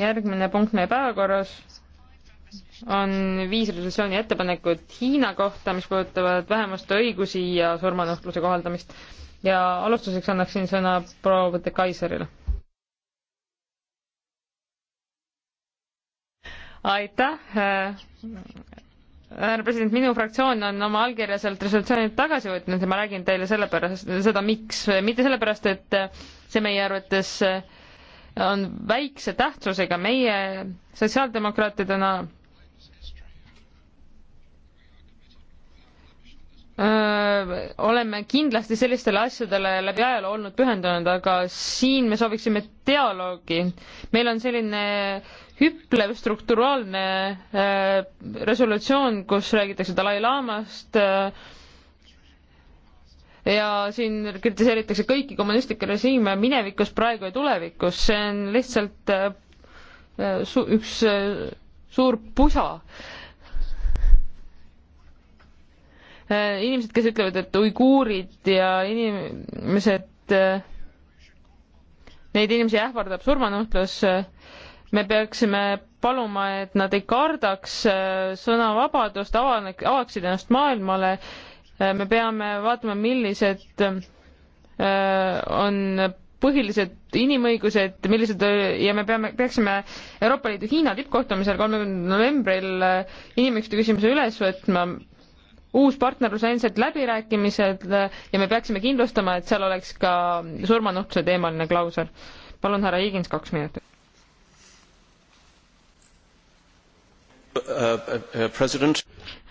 järgmine punkt meie päevakorras on viis resolutsiooni ettepanekut Hiina kohta, mis puudutavad vähemuste õigusi ja surmanuhtluse kohaldamist. ja alustuseks annaksin sõna proua Võtte Kaiserile. aitäh, härra president, minu fraktsioon on oma allkirja sealt resolutsioonilt tagasi võtnud ja ma räägin teile sellepärast, seda miks, mitte sellepärast, et see meie arvates äh, on väikse tähtsusega meie sotsiaaldemokraatidena öö, oleme kindlasti sellistele asjadele läbi ajaloo olnud pühendunud, aga siin me sooviksime dialoogi. meil on selline hüplev strukturaalne öö, resolutsioon, kus räägitakse Dalai-laamast, ja siin kritiseeritakse kõiki kommunistlikke režiime minevikus, praegu ja tulevikus, see on lihtsalt äh, äh, su-, üks äh, suur pusa. inimesed, kes ütlevad, et uiguurid ja inimesed, neid inimesi ähvardab surmanuhtlus, me peaksime paluma, et nad ei kardaks sõnavabadust, avaneks, avaksid ennast maailmale me peame vaatama, millised äh, on põhilised inimõigused, millised ja me peame, peaksime Euroopa Liidu Hiina tippkohtumisel kolmekümnendal novembril äh, inimõiguste küsimuse üles võtma. uus partnerlus on endiselt läbirääkimised äh, ja me peaksime kindlustama, et seal oleks ka surmanuhtluse teemaline klausel. palun, härra Higins, kaks minutit.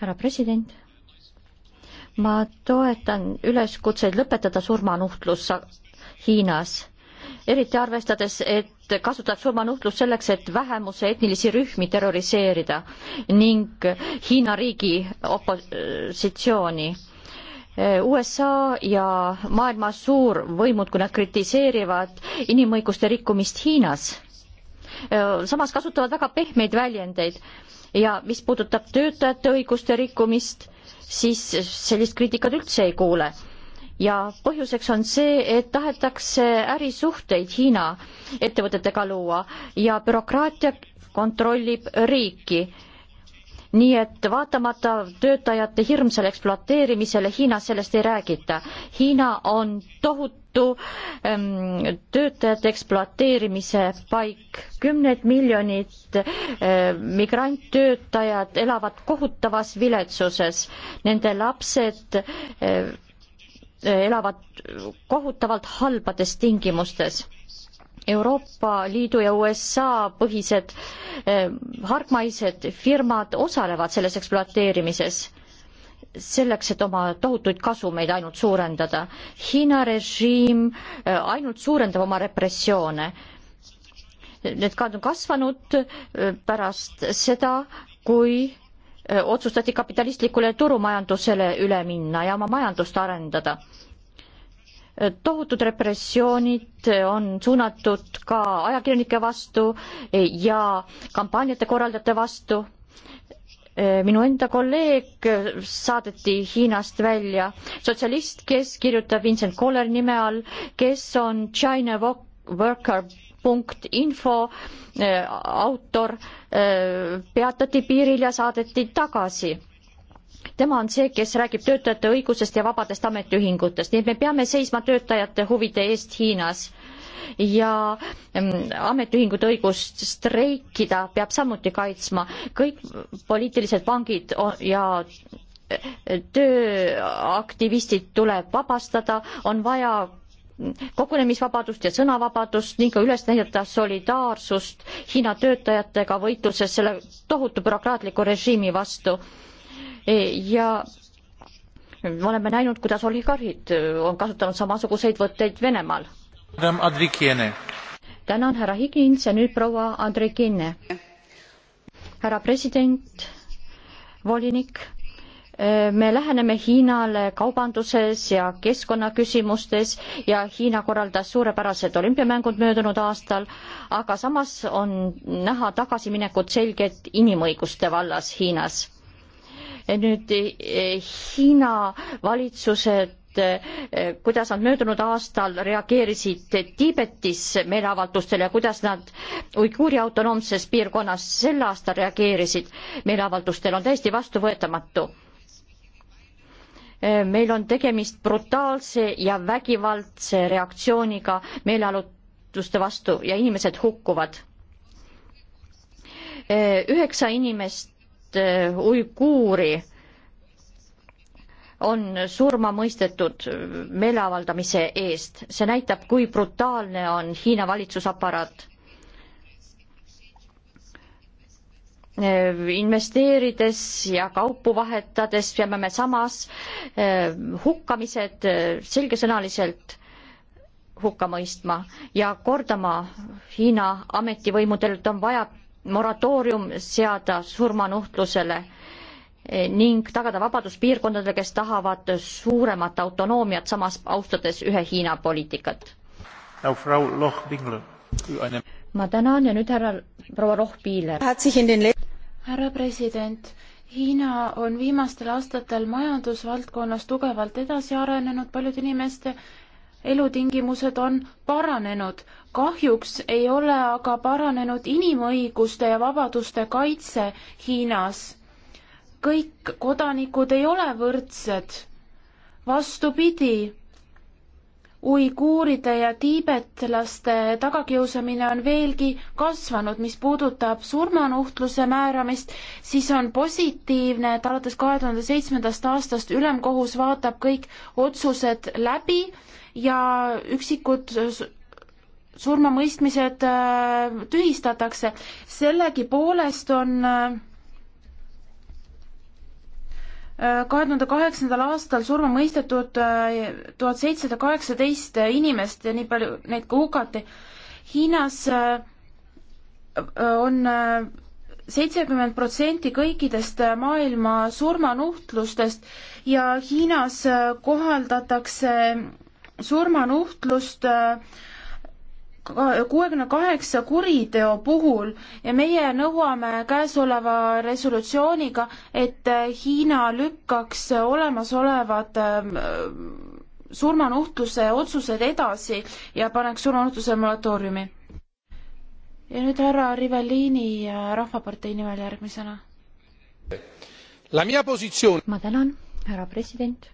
härra president ma toetan üleskutseid lõpetada surmanuhtlus Hiinas, eriti arvestades, et kasutatakse surmanuhtlust selleks, et vähemuse etnilisi rühmi terroriseerida ning Hiina riigi opositsiooni. USA ja maailma suurvõimud, kui nad kritiseerivad inimõiguste rikkumist Hiinas, samas kasutavad väga pehmeid väljendeid ja mis puudutab töötajate õiguste rikkumist, siis sellist kriitikat üldse ei kuule. ja põhjuseks on see, et tahetakse ärisuhteid Hiina ettevõtetega luua ja bürokraatia kontrollib riiki nii et vaatamata töötajate hirmsale ekspluateerimisele Hiinas sellest ei räägita. Hiina on tohutu ähm, töötajate ekspluateerimise paik, kümned miljonid äh, migranttöötajad elavad kohutavas viletsuses, nende lapsed äh, äh elavad kohutavalt halbades tingimustes Euroopa Liidu ja USA põhised eh, hargmaised firmad osalevad selles ekspluateerimises, selleks, et oma tohutuid kasumeid ainult suurendada. Hiina režiim eh, ainult suurendab oma repressioone. Need ka on kasvanud eh, pärast seda, kui eh, otsustati kapitalistlikule turumajandusele üle minna ja oma majandust arendada tohutud repressioonid on suunatud ka ajakirjanike vastu ja kampaaniate korraldajate vastu. minu enda kolleeg saadeti Hiinast välja, sotsialist, kes kirjutab Vincent Koller nime all, kes on China Worker punkt info äh, autor, äh, peatati piiril ja saadeti tagasi tema on see, kes räägib töötajate õigusest ja vabadest ametiühingutest, nii et me peame seisma töötajate huvide eest Hiinas ja mm, ametiühingute õigust streikida peab samuti kaitsma. kõik poliitilised vangid ja e, tööaktivistid tuleb vabastada, on vaja kogunemisvabadust ja sõnavabadust ning ka üles näidata solidaarsust Hiina töötajatega võitluses selle tohutu bürokraatliku režiimi vastu E, ja me oleme näinud, kuidas oligarhid e, on kasutanud samasuguseid võtteid Venemaal. tänan, härra Higins ja nüüd proua Andrikine. härra president, volinik, e, me läheneme Hiinale kaubanduses ja keskkonnaküsimustes ja Hiina korraldas suurepärased olümpiamängud möödunud aastal, aga samas on näha tagasiminekut selgelt inimõiguste vallas Hiinas nüüd eh, Hiina valitsused eh, kuidas nad möödunud aastal reageerisid Tiibetis meeleavaldustele ja kuidas nad Uiguuri autonoomses piirkonnas sel aastal reageerisid meeleavaldustele, on täiesti vastuvõetamatu. Eh, meil on tegemist brutaalse ja vägivaldse reaktsiooniga meeleavalduste vastu ja inimesed hukkuvad. üheksa inimest Eh, uiguuri on surma mõistetud meeleavaldamise eest. see näitab, kui brutaalne on Hiina valitsusaparaat. Eh, investeerides ja kaupu vahetades peame me samas eh, hukkamised selgesõnaliselt hukka mõistma ja kordama Hiina ametivõimudelt, on vaja moratoorium seada surmanuhtlusele eh, ning tagada vabadus piirkondadele, kes tahavad suuremat autonoomiat, samas austades ühe Hiina poliitikat. ma tänan ja nüüd härra proua Rohpiiler. härra president Hiina on viimastel aastatel majandusvaldkonnas tugevalt edasi arenenud, paljude inimeste elutingimused on paranenud. kahjuks ei ole aga paranenud inimõiguste ja vabaduste kaitse Hiinas. kõik kodanikud ei ole võrdsed. vastupidi, uiguuride ja tiibetlaste tagakiusamine on veelgi kasvanud, mis puudutab surmanuhtluse määramist, siis on positiivne, et alates kahe tuhande seitsmendast aastast ülemkohus vaatab kõik otsused läbi ja üksikud surmamõistmised äh, tühistatakse. sellegipoolest on äh, äh, kahe tuhande kaheksandal aastal surma mõistetud tuhat seitsesada kaheksateist inimest ja nii palju neid ka hukati. Hiinas on seitsekümmend protsenti kõikidest maailma surmanuhtlustest ja Hiinas kohaldatakse surmanuhtlust äh, kuuekümne kaheksa kuriteo puhul ja meie nõuame käesoleva resolutsiooniga, et Hiina lükkaks olemasolevad äh, surmanuhtluse otsused edasi ja paneks surmanuhtluse moratooriumi. ja nüüd härra Rivellini Rahvapartei nimel järgmisena. ma tänan, härra president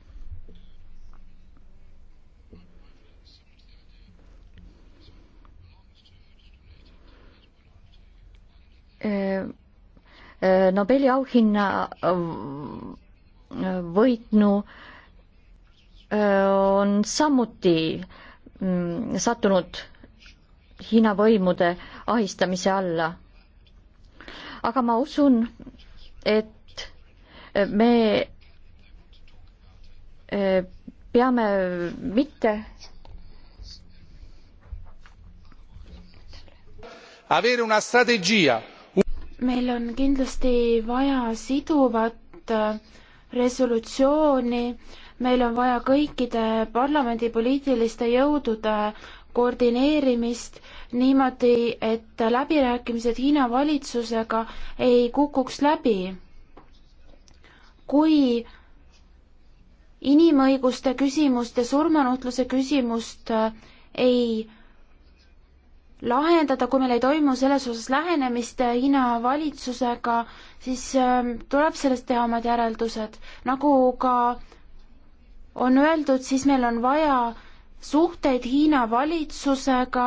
Äh, äh, Nobeli auhinna äh, võitnu on samuti mm, sattunud Hiina võimude ahistamise alla. aga ma usun, et me peame mitte avere una strategia meil on kindlasti vaja siduvat äh, resolutsiooni, meil on vaja kõikide parlamendi poliitiliste jõudude koordineerimist niimoodi, et läbirääkimised Hiina valitsusega ei kukuks läbi. kui inimõiguste küsimust ja surmanuhtluse küsimust ei lahendada, kui meil ei toimu selles osas lähenemist Hiina valitsusega, siis ähm, tuleb sellest teha omad järeldused. nagu ka on öeldud, siis meil on vaja suhteid Hiina valitsusega,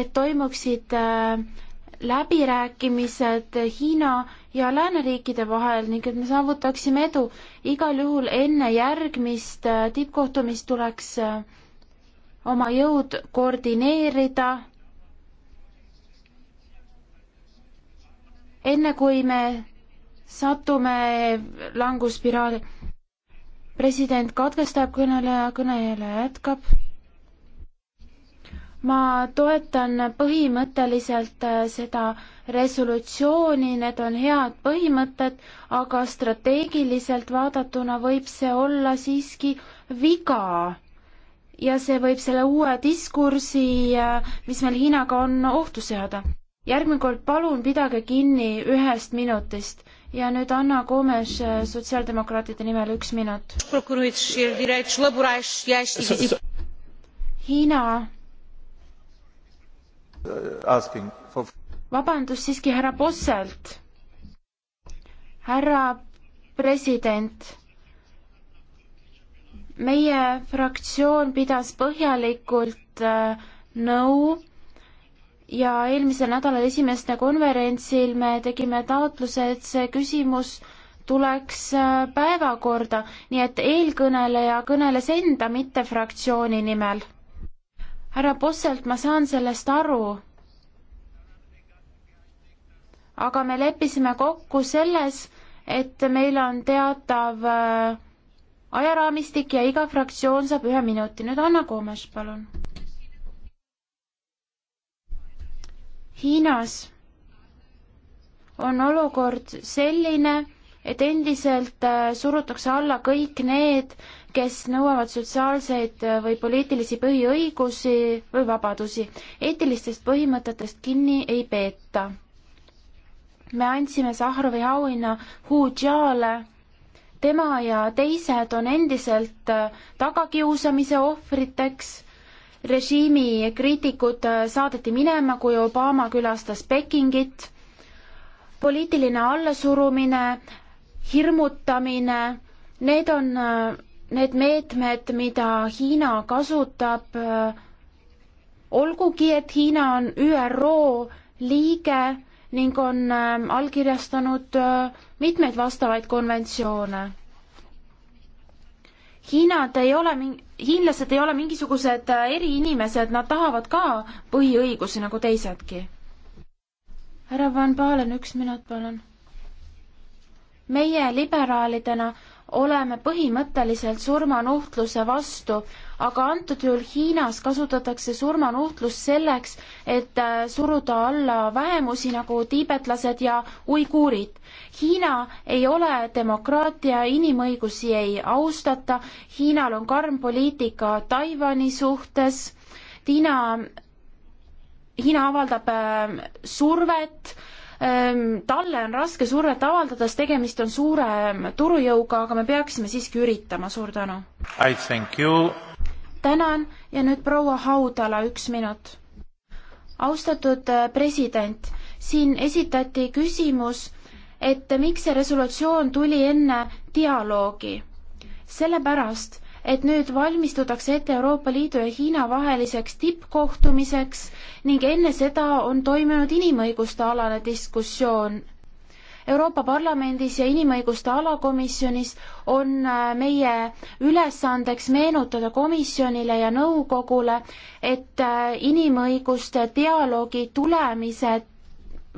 et toimuksid äh, läbirääkimised Hiina ja lääneriikide vahel ning et me saavutaksime edu. igal juhul enne järgmist äh, tippkohtumist tuleks äh, oma jõud koordineerida enne kui me satume languspiraali. president katkestab kõneleja, kõneleja jätkab. ma toetan põhimõtteliselt äh, seda resolutsiooni, need on head põhimõtted, aga strateegiliselt vaadatuna võib see olla siiski viga. ja see võib selle uue diskursi, äh, mis meil Hiinaga on, ohtu seada järgmine kord palun pidage kinni ühest minutist ja nüüd Anna Gomes äh, sotsiaaldemokraatide nimel üks minut. Hiina. Uh, vabandust siiski härra Posselt. härra president meie fraktsioon pidas põhjalikult äh, nõu ja eelmisel nädalal esimeste konverentsil me tegime taotluse, et see küsimus tuleks äh, päevakorda, nii et eelkõneleja kõneles enda, mitte fraktsiooni nimel. härra Posselt, ma saan sellest aru. aga me leppisime kokku selles, et meil on teatav äh, ajaraamistik ja iga fraktsioon saab ühe minuti. nüüd Anna Koomes, palun Hiinas on olukord selline, et endiselt äh, surutakse alla kõik need, kes nõuavad sotsiaalseid äh, või poliitilisi põhiõigusi või vabadusi. eetilistest põhimõtetest kinni ei peeta. me andsime Sahhrovi auhinna Hu Jiale. tema ja teised on endiselt äh, tagakiusamise ohvriteks režiimi kriitikud äh, saadeti minema, kui Obama külastas Pekingit. poliitiline allasurumine, hirmutamine, need on äh, need meetmed, mida Hiina kasutab, äh, olgugi et Hiina on ÜRO liige ning on allkirjastanud mitmeid vastavaid konventsioone Hiinad ei ole, hiinlased ei ole mingisugused äh, eriinimesed, nad tahavad ka põhiõigusi nagu teisedki. härra Van Palen, üks minut, palun. meie liberaalidena oleme põhimõtteliselt surmanuhtluse vastu, aga antud juhul Hiinas kasutatakse surmanuhtlust selleks, et äh, suruda alla vähemusi nagu tiibetlased ja uiguurid. Hiina ei ole demokraatia, inimõigusi ei austata, Hiinal on karm poliitika Taiwan'i suhtes, Hiina, Hiina avaldab äh, survet äh, Ehm, talle on raske survet avaldada, sest tegemist on suure turujõuga, aga me peaksime siiski üritama, suur tänu! tänan ja nüüd proua Haudala, üks minut. austatud äh, president, siin esitati küsimus, et miks see resolutsioon tuli enne dialoogi. sellepärast, et nüüd valmistutakse ette Euroopa Liidu ja Hiina vaheliseks tippkohtumiseks ning enne seda on toimunud inimõiguste alane diskussioon. Euroopa Parlamendis ja inimõiguste alakomisjonis on äh, meie ülesandeks meenutada komisjonile ja nõukogule, et äh, inimõiguste dialoogi tulemised,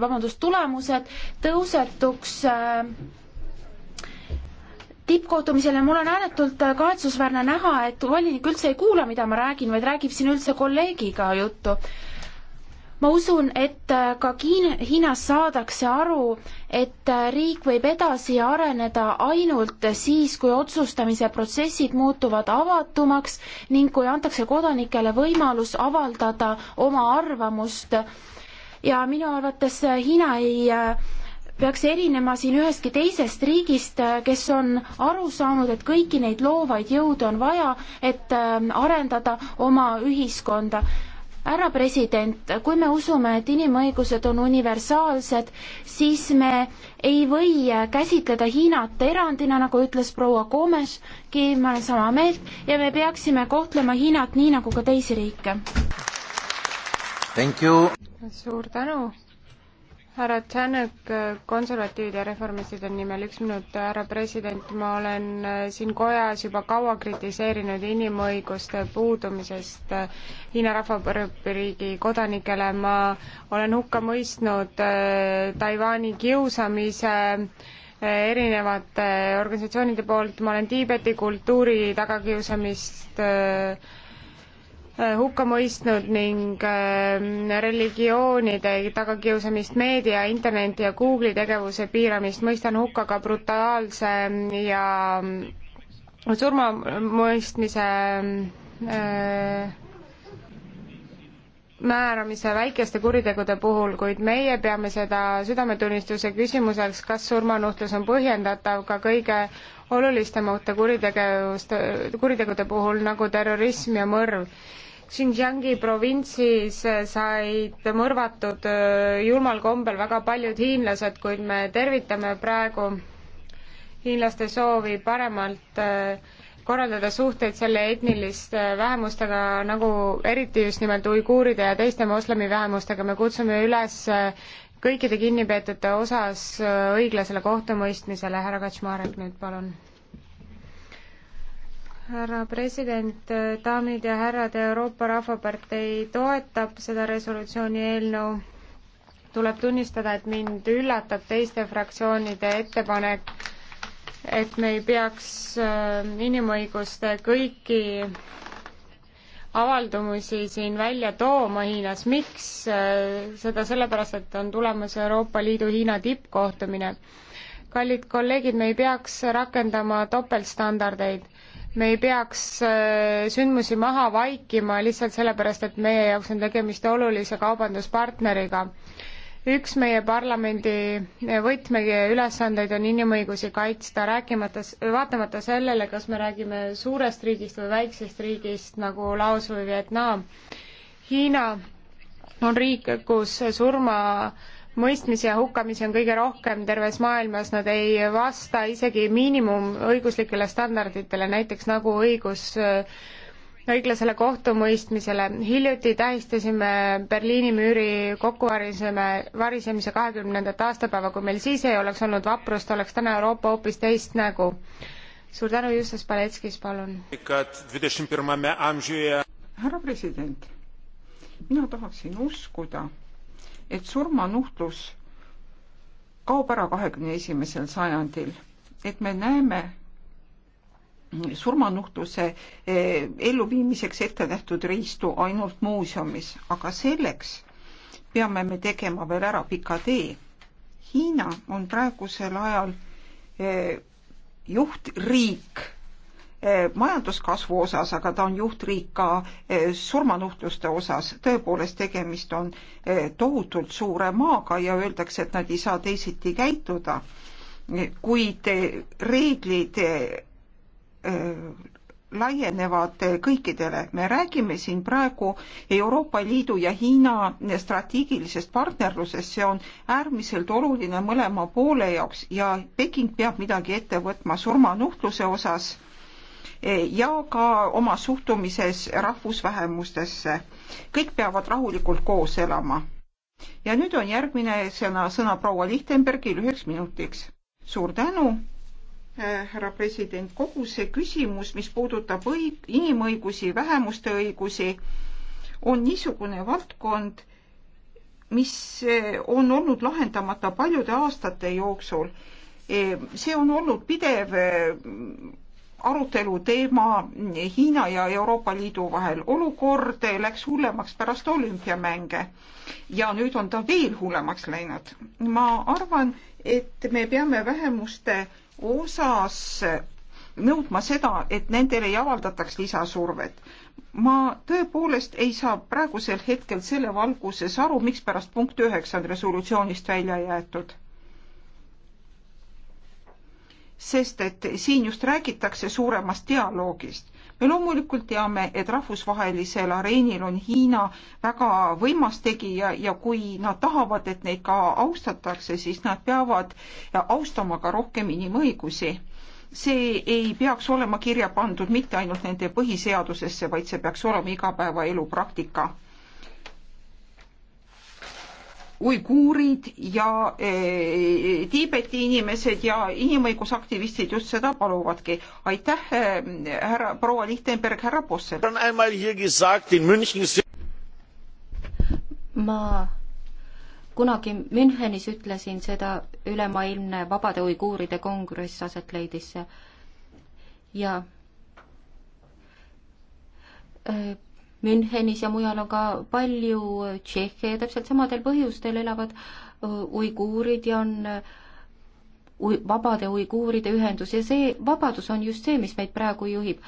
vabandust, tulemused tõusetuks äh, tippkohtumisel ja mul on ääretult äh, kahetsusväärne näha, et volinik üldse ei kuula, mida ma räägin, vaid räägib siin üldse kolleegiga juttu. ma usun, et äh, ka Kiin-, Hiinas saadakse aru, et äh, riik võib edasi areneda ainult siis, kui otsustamise protsessid muutuvad avatumaks ning kui antakse kodanikele võimalus avaldada oma arvamust ja minu arvates Hiina ei peaks erinema siin ühestki teisest riigist, kes on aru saanud, et kõiki neid loovaid jõude on vaja, et ähm, arendada oma ühiskonda. härra president, kui me usume, et inimõigused on universaalsed, siis me ei või käsitleda Hiinat erandina, nagu ütles proua Komeski, ma olen sama meelt, ja me peaksime kohtlema Hiinat nii, nagu ka teisi riike. suur tänu härra Tšanõk konservatiivide ja reformistide nimel, üks minut, härra president, ma olen äh, siin kojas juba kaua kritiseerinud inimõiguste puudumisest äh, Hiina Rahvavabariigi kodanikele, ma olen hukka mõistnud äh, Taiwan'i kiusamise erinevate organisatsioonide poolt, ma olen Tiibeti kultuuri tagakiusamist Äh, hukka mõistnud ning äh, religioonide tagakiusamist, meedia, interneti ja Google'i tegevuse piiramist, mõistan hukka ka brutaalse ja mm, surmamõistmise äh, määramise väikeste kuritegude puhul, kuid meie peame seda südametunnistuse küsimuseks, kas surmanuhtlus on põhjendatav ka kõige olulisemate kuritegevuste, kuritegude puhul nagu terrorism ja mõrv. Xinjiangi provintsis said mõrvatud äh, julmal kombel väga paljud hiinlased, kuid me tervitame praegu hiinlaste soovi paremalt äh, korraldada suhteid selle etniliste äh, vähemustega, nagu eriti just nimelt uiguuride ja teiste moslemi vähemustega, me kutsume üles kõikide kinnipeetute osas äh, õiglasele kohtumõistmisele, härra Kaczmarek nüüd palun. härra president, äh, daamid ja härrad, Euroopa Rahvapartei toetab seda resolutsiooni eelnõu. tuleb tunnistada, et mind üllatab teiste fraktsioonide ettepanek, et me ei peaks äh, inimõiguste kõiki avaldumusi siin välja tooma Hiinas, miks? Äh, seda sellepärast, et on tulemas Euroopa Liidu-Hiina tippkohtumine. kallid kolleegid, me ei peaks rakendama topeltstandardeid me ei peaks äh, sündmusi maha vaikima lihtsalt sellepärast, et meie jaoks on tegemist olulise kaubanduspartneriga üks meie parlamendi võtmeülesandeid on inimõigusi kaitsta, rääkimata, vaatamata sellele, kas me räägime suurest riigist või väiksest riigist nagu Laos või Vietnam. Hiina on riik, kus surmamõistmisi ja hukkamisi on kõige rohkem terves maailmas, nad ei vasta isegi miinimumõiguslikele standarditele, näiteks nagu õigus äh, õiglasele kohtumõistmisele. hiljuti tähistasime Berliini müüri kokkuvarisemise, varisemise kahekümnendat aastapäeva, kui meil siis ei oleks olnud vaprust, oleks täna Euroopa hoopis teist nägu. suur tänu, Justas Paletskis, palun. härra president, mina tahaksin uskuda, et surmanuhtlus kaob ära kahekümne esimesel sajandil, et me näeme surmanuhtluse eh, elluviimiseks ette nähtud riistu ainult muuseumis, aga selleks peame me tegema veel ära pika tee. Hiina on praegusel ajal eh, juhtriik eh, majanduskasvu osas, aga ta on juhtriik ka surmanuhtluste osas. tõepoolest, tegemist on tohutult suure maaga ja öeldakse, et nad ei saa teisiti käituda. kuid reeglid Äh, laienevad äh, kõikidele. me räägime siin praegu Euroopa Liidu ja Hiina strateegilisest partnerlusest, see on äärmiselt oluline mõlema poole jaoks ja Peking peab midagi ette võtma surmanuhtluse osas äh, ja ka oma suhtumises rahvusvähemustesse. kõik peavad rahulikult koos elama. ja nüüd on järgmine sõna, sõna proua Lichtenbergil üheks minutiks. suur tänu Äh, härra president, kogu see küsimus, mis puudutab õig-, inimõigusi, vähemuste õigusi, on niisugune valdkond, mis äh, on olnud lahendamata paljude aastate jooksul. Äh, see on olnud pidev arutelu teema Hiina ja Euroopa Liidu vahel. olukord läks hullemaks pärast olümpiamänge ja nüüd on ta veel hullemaks läinud. ma arvan, et me peame vähemuste osas nõudma seda, et nendele ei avaldataks lisasurvet. ma tõepoolest ei saa praegusel hetkel selle valguses aru, mikspärast punkt üheksa on resolutsioonist välja jäetud. sest et siin just räägitakse suuremast dialoogist me loomulikult teame, et rahvusvahelisel areenil on Hiina väga võimas tegija ja kui nad tahavad, et neid ka austatakse, siis nad peavad austama ka rohkem inimõigusi. see ei peaks olema kirja pandud mitte ainult nende põhiseadusesse, vaid see peaks olema igapäevaelu praktika uiguurid ja e, Tiibeti inimesed ja inimõigusaktivistid just seda paluvadki. aitäh, eh, härra proua Lichtenberg, härra Possel. ma kunagi Münchenis ütlesin seda, ülemaailmne vabade uiguuride kongress aset leidis ja öö, Münchenis ja mujal on ka palju tšehhe ja täpselt samadel põhjustel elavad uiguurid ja on vabade uiguuride ühendus ja see vabadus on just see, mis meid praegu juhib.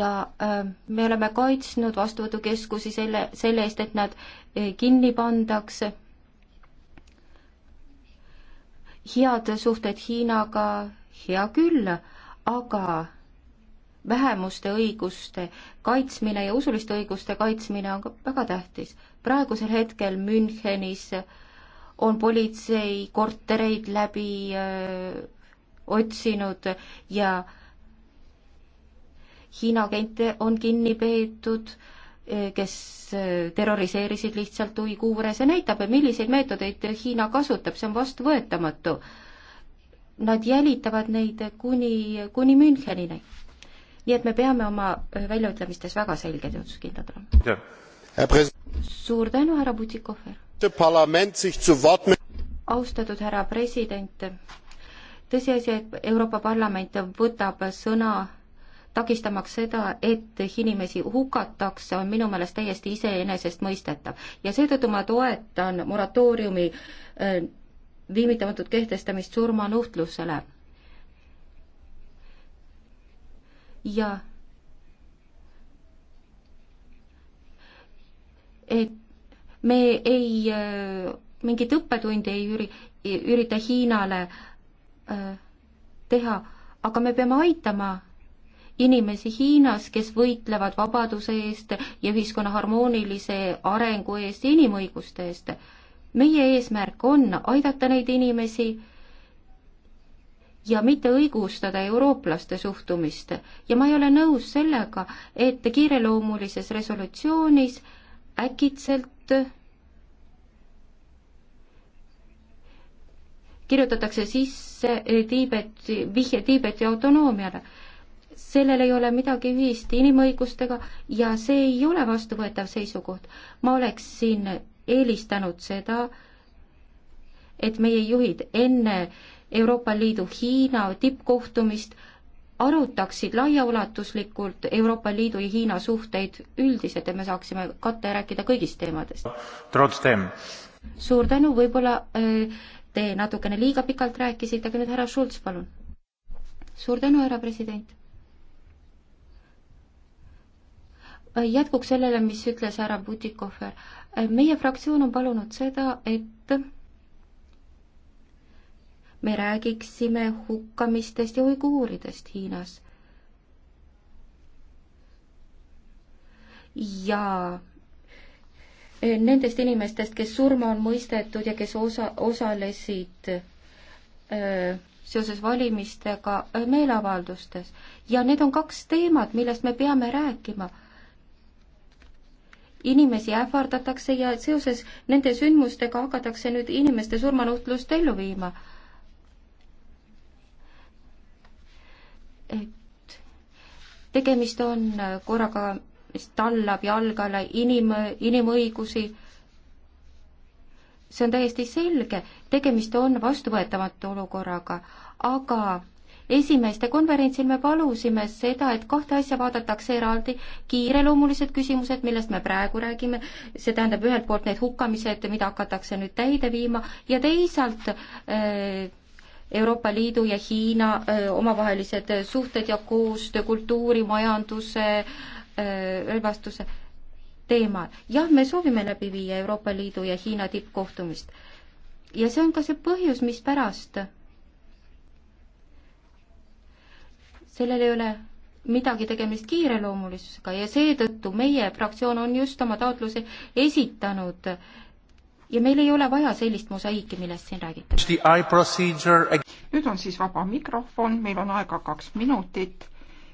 ja äh, me oleme kaitsnud vastuvõtukeskusi selle, selle eest, et nad kinni pandaks. head suhted Hiinaga, hea küll, aga vähemuste õiguste kaitsmine ja usuliste õiguste kaitsmine on ka väga tähtis. praegusel hetkel Münchenis on politsei kortereid läbi öö, äh, otsinud ja Hiina agente on kinni peetud, äh, kes äh, terroriseerisid lihtsalt uiguure, see näitab, milliseid meetodeid Hiina kasutab, see on vastuvõetamatu nad jälitavad neid kuni, kuni Münchenini nii et me peame oma äh, väljaütlemistes väga selged ja otsusekindlad olema. suur tänu, härra Butikofer! austatud härra president, tõsiasi, et Euroopa Parlament võtab sõna takistamaks seda, et inimesi hukatakse, on minu meelest täiesti iseenesestmõistetav. ja seetõttu ma toetan moratooriumi äh, viimitamatut kehtestamist surmanuhtlusele ja et me ei, äh, mingit õppetundi ei üri-, ürita Hiinale äh, teha, aga me peame aitama inimesi Hiinas, kes võitlevad vabaduse eest ja ühiskonna harmoonilise arengu eest ja inimõiguste eest. meie eesmärk on aidata neid inimesi ja mitte õigustada eurooplaste suhtumist. ja ma ei ole nõus sellega, et kiireloomulises resolutsioonis äkitselt kirjutatakse sisse Tiibeti, vihje Tiibeti autonoomiale. sellel ei ole midagi ühist inimõigustega ja see ei ole vastuvõetav seisukoht. ma oleksin eelistanud seda, et meie juhid enne äh, Euroopa Liidu Hiina tippkohtumist, arutaksid laiaulatuslikult Euroopa Liidu ja Hiina suhteid üldiselt, et me saaksime katta ja rääkida kõigist teemadest. suur tänu, võib-olla äh, te natukene liiga pikalt rääkisite, aga nüüd härra Schulz, palun. suur tänu, härra president. Äh, jätkuks sellele, mis ütles härra Butikofer, äh, meie fraktsioon on palunud seda, et me räägiksime hukkamistest ja uiguuridest Hiinas. ja eh, nendest inimestest, kes surma on mõistetud ja kes osa, osalesid öö, eh, seoses valimistega eh, meeleavaldustes. ja need on kaks teemat, millest me peame rääkima inimesi ähvardatakse ja seoses nende sündmustega hakatakse nüüd inimeste surmanuhtlust ellu viima. et tegemist on korraga, mis tallab jalgale inim, inimõigusi. see on täiesti selge, tegemist on vastuvõetamatu olukorraga, aga esimeste konverentsil me palusime seda, et kahte asja vaadatakse eraldi, kiireloomulised küsimused, millest me praegu räägime, see tähendab ühelt poolt need hukkamised, mida hakatakse nüüd täide viima, ja teisalt äh, Euroopa Liidu ja Hiina omavahelised suhted ja koostöö kultuuri, majanduse, relvastuse teemal. jah, me soovime läbi viia Euroopa Liidu ja Hiina tippkohtumist. ja see on ka see põhjus, mispärast sellel ei ole midagi tegemist kiireloomulisusega ja seetõttu meie fraktsioon on just oma taotluse esitanud ja meil ei ole vaja sellist mosaiiki, millest siin räägitakse. nüüd on siis vaba mikrofon, meil on aega kaks minutit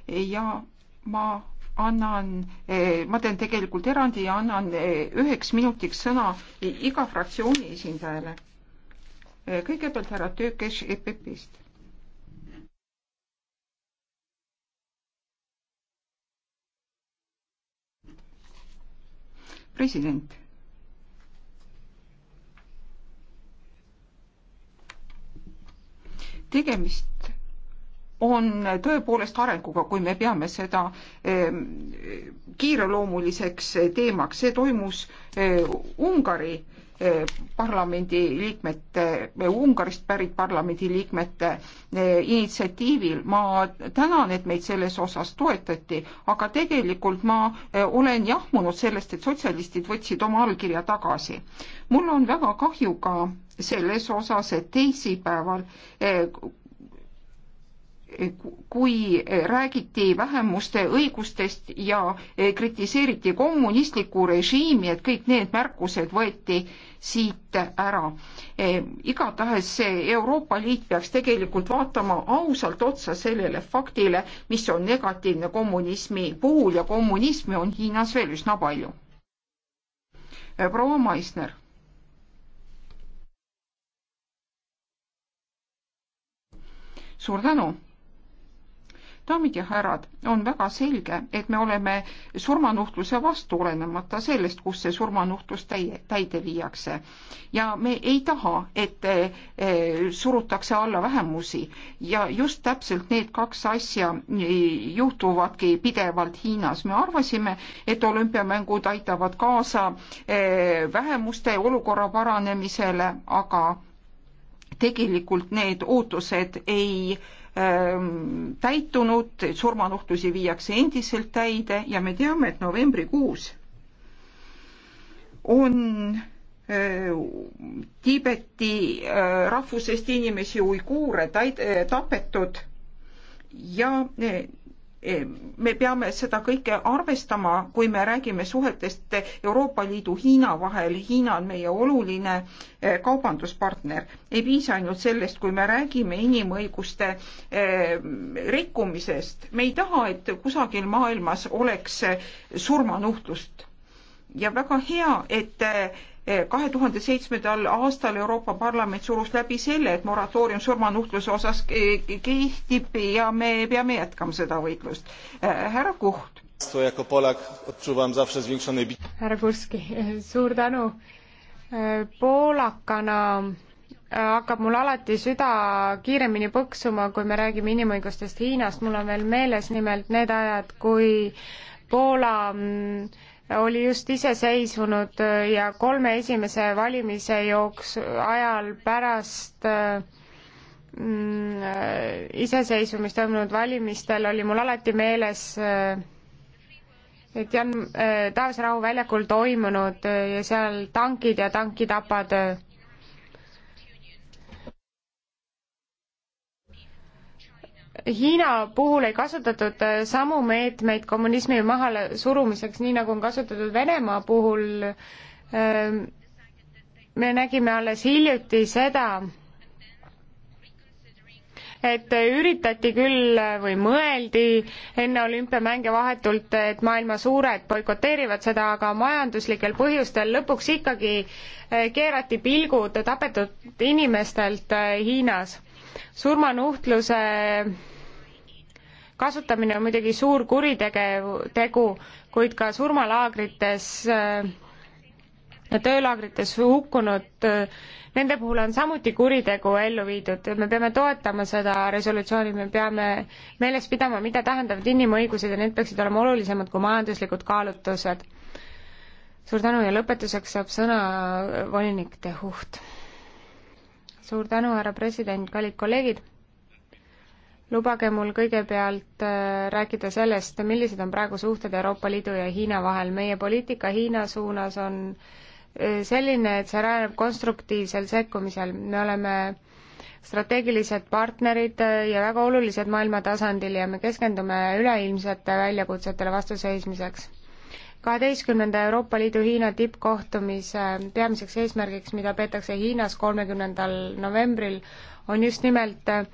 ja ma annan, eh, ma teen tegelikult erandi ja annan eh, üheks minutiks sõna iga fraktsiooni esindajale. Eh, kõigepealt härra Töökes EPP-st. president tegemist on tõepoolest arenguga, kui me peame seda ehm, kiireloomuliseks teemaks. see toimus ehm, Ungari parlamendi liikmete, Ungarist pärit parlamendi liikmete eh, initsiatiivil. ma tänan, et meid selles osas toetati, aga tegelikult ma eh, olen jahmunud sellest, et sotsialistid võtsid oma allkirja tagasi. mul on väga kahju ka selles osas, et teisipäeval eh, kui räägiti vähemuste õigustest ja kritiseeriti kommunistlikku režiimi, et kõik need märkused võeti siit ära. igatahes Euroopa Liit peaks tegelikult vaatama ausalt otsa sellele faktile, mis on negatiivne kommunismi puhul ja kommunismi on Hiinas veel üsna palju. proua Maisner suur tänu daamid ja härrad, on väga selge, et me oleme surmanuhtluse vastu, olenemata sellest, kus see surmanuhtlus täie, täide viiakse. ja me ei taha, et eh, surutakse alla vähemusi ja just täpselt need kaks asja eh, juhtuvadki pidevalt Hiinas. me arvasime, et olümpiamängud aitavad kaasa eh, vähemuste olukorra paranemisele, aga tegelikult need ootused ei äh, Ähm, täitunud, surmanuhtlusi viiakse endiselt täide ja me teame, et novembrikuus on äh, Tiibeti äh, rahvusest inimesi uiguure äh, tapetud ja Eh, me peame seda kõike arvestama, kui me räägime suhetest Euroopa Liidu Hiina vahel. Hiina on meie oluline eh, kaubanduspartner. ei piisa ainult sellest, kui me räägime inimõiguste eh, rikkumisest. me ei taha, et kusagil maailmas oleks surmanuhtlust ja väga hea, et kahe tuhande seitsmendal aastal Euroopa Parlament surus läbi selle, et moratoorium surmanuhtluse osas kehtib ja me peame jätkama seda võitlust. härra Kuht. härra Kurski, suur tänu. poolakana hakkab mul alati süda kiiremini põksuma, kui me räägime inimõigustest Hiinast, mul on veel meeles nimelt need ajad, kui Poola mm, oli just iseseisvunud äh, ja kolme esimese valimise jooks ajal pärast äh, mm, äh, iseseisvumist toimunud valimistel oli mul alati meeles et Jan äh, Taavasrahu väljakul toimunud ja seal tankid ja tankitapad Hiina puhul ei kasutatud äh, samu meetmeid kommunismi mahalesurumiseks, nii nagu on kasutatud Venemaa puhul. Ähm, me nägime alles hiljuti seda, et üritati küll äh, või mõeldi enne olümpiamänge vahetult, et maailma suured boikoteerivad seda, aga majanduslikel põhjustel lõpuks ikkagi äh, keerati pilgud tapetud inimestelt Hiinas surmanuhtluse kasutamine on muidugi suur kuritegu, tegu, kuid ka surmalaagrites, äh, töölaagrites hukkunud, äh, nende puhul on samuti kuritegu ellu viidud. me peame toetama seda resolutsiooni, me peame meeles pidama, mida tähendavad inimõigused ja need peaksid olema olulisemad kui majanduslikud kaalutlused. suur tänu ja lõpetuseks saab sõna volinik De Hucht suur tänu, härra president, kallid kolleegid! lubage mul kõigepealt äh, rääkida sellest, millised on praegu suhted Euroopa Liidu ja Hiina vahel. meie poliitika Hiina suunas on äh, selline, et see rajaneb konstruktiivsel sekkumisel. me oleme strateegilised partnerid äh, ja väga olulised maailma tasandil ja me keskendume üleilmsete väljakutsetele vastuseismiseks kaheteistkümnenda Euroopa Liidu-Hiina tippkohtumise peamiseks eesmärgiks, mida peetakse Hiinas kolmekümnendal novembril, on just nimelt äh,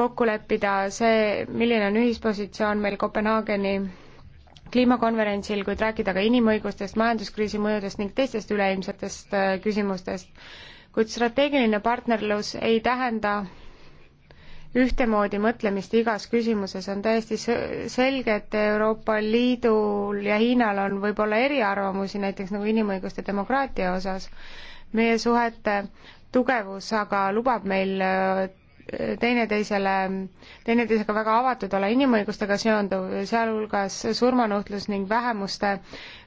kokku leppida see, milline on ühispositsioon meil Kopenhaageni kliimakonverentsil, kuid rääkida ka inimõigustest, majanduskriisi mõjudest ning teistest üleilmsetest äh, küsimustest. kuid strateegiline partnerlus ei tähenda ühtemoodi mõtlemist igas küsimuses, on täiesti selge, et Euroopa Liidul ja Hiinal on võib-olla eriarvamusi, näiteks nagu inimõiguste demokraatia osas. meie suhete tugevus aga lubab meil äh, teineteisele, teineteisega väga avatud olla inimõigustega seonduv, sealhulgas surmanuhtlus ning vähemuste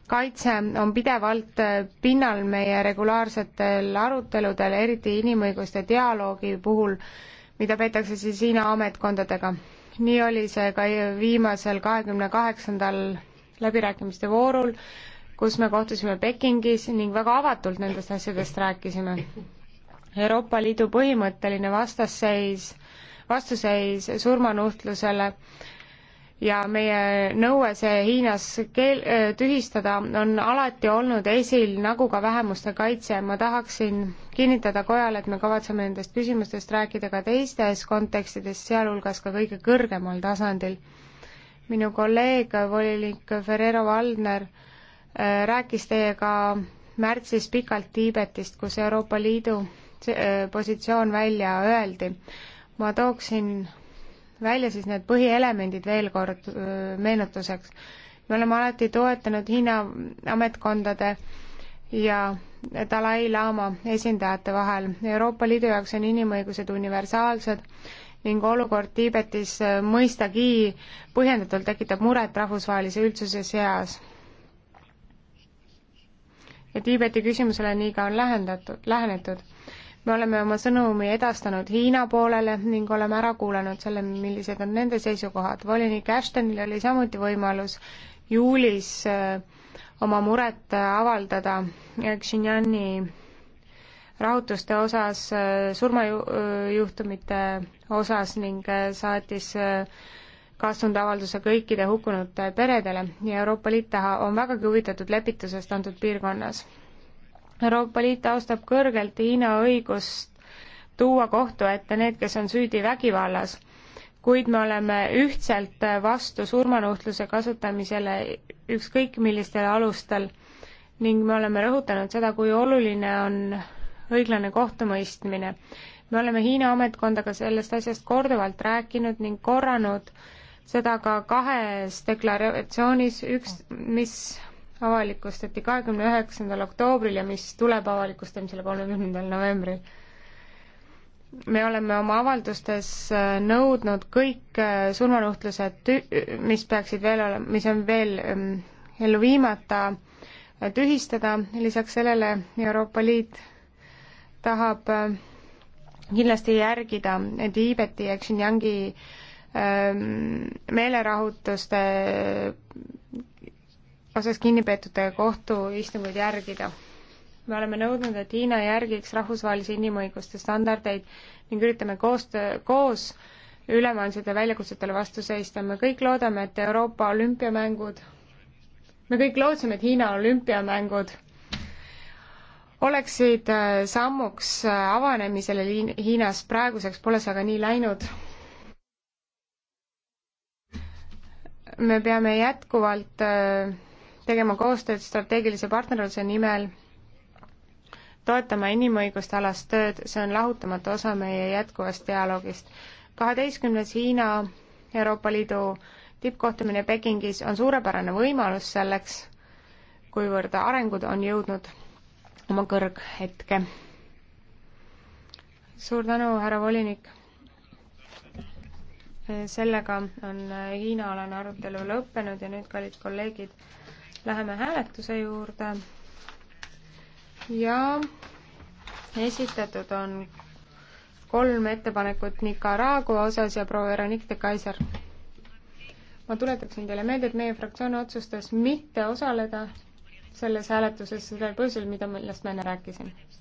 kaitse on pidevalt äh, pinnal meie regulaarsetel aruteludel, eriti inimõiguste dialoogi puhul mida peetakse siis Hiina ametkondadega. nii oli see ka viimasel kahekümne kaheksandal läbirääkimiste voorul, kus me kohtusime Pekingis ning väga avatult nendest asjadest rääkisime. Euroopa Liidu põhimõtteline vastasseis, vastuseis surmanuhtlusele ja meie nõue see Hiinas keel-, tühistada on alati olnud esil, nagu ka vähemuste kaitse. ma tahaksin kinnitada kojale, et me kavatseme nendest küsimustest rääkida ka teistes kontekstides, sealhulgas ka kõige kõrgemal tasandil. minu kolleeg, volinik Ferrero Valdner rääkis teiega märtsis pikalt Tiibetist, kus Euroopa Liidu positsioon välja öeldi. ma tooksin välja siis need põhielemendid veel kord meenutuseks. me oleme alati toetanud Hiina ametkondade ja Dalai-laama esindajate vahel. Euroopa Liidu jaoks on inimõigused universaalsed ning olukord Tiibetis mõistagi põhjendatult tekitab muret rahvusvahelise üldsuse seas. ja Tiibeti küsimusele nii ka on lähendatud, lähenetud me oleme oma sõnumi edastanud Hiina poolele ning oleme ära kuulanud selle, millised on nende seisukohad. volinik Ashtonil oli samuti võimalus juulis äh, oma muret avaldada Xinjiani rahutuste osas, äh, surmajuhtumite osas ning äh, saatis kaastundavalduse kõikide hukkunute peredele ja Euroopa Liit taha, on vägagi huvitatud lepitusest antud piirkonnas. Euroopa Liit austab kõrgelt Hiina õigust tuua kohtu ette need, kes on süüdi vägivallas, kuid me oleme ühtselt vastu surmanuhtluse kasutamisele ükskõik millistel alustel ning me oleme rõhutanud seda, kui oluline on õiglane kohtumõistmine. me oleme Hiina ametkondaga sellest asjast korduvalt rääkinud ning korranud seda ka kahes deklaratsioonis, üks, mis avalikustati kahekümne üheksandal oktoobril ja mis tuleb avalikustamisele kolmekümnendal novembril. me oleme oma avaldustes äh, nõudnud kõik äh, surmanuhtlused, mis peaksid veel olema, mis on veel ähm, ellu viimata, äh, tühistada, lisaks sellele Euroopa Liit tahab kindlasti järgida Tiibeti ja Xinjiangi ähm, meelerahutuste osas kinnipeetute kohtuistungeid järgida. me oleme nõudnud, et Hiina järgiks rahvusvahelisi inimõiguste standardeid ning üritame koostöö, koos ülemaailmsetele väljakutsetele vastu seista. me kõik loodame, et Euroopa olümpiamängud, me kõik lootsime, et Hiina olümpiamängud oleksid äh, sammuks äh, avanemisele Hiinas, praeguseks pole see aga nii läinud me peame jätkuvalt äh, tegema koostööd strateegilise partnerluse nimel, toetama inimõiguste alast tööd, see on lahutamatu osa meie jätkuvast dialoogist. kaheteistkümnes Hiina Euroopa Liidu tippkohtumine Pekingis on suurepärane võimalus selleks, kuivõrd arengud on jõudnud oma kõrghetke. suur tänu, härra volinik! sellega on Hiina-alane arutelu lõppenud ja nüüd, kallid kolleegid, Läheme hääletuse juurde ja esitatud on kolm ettepanekut Nicaragua osas ja proua Veronique de Kaiser. ma tuletaksin teile meelde, et meie fraktsioon otsustas mitte osaleda selles hääletuses sellel põhjusel, mida, millest ma enne rääkisin.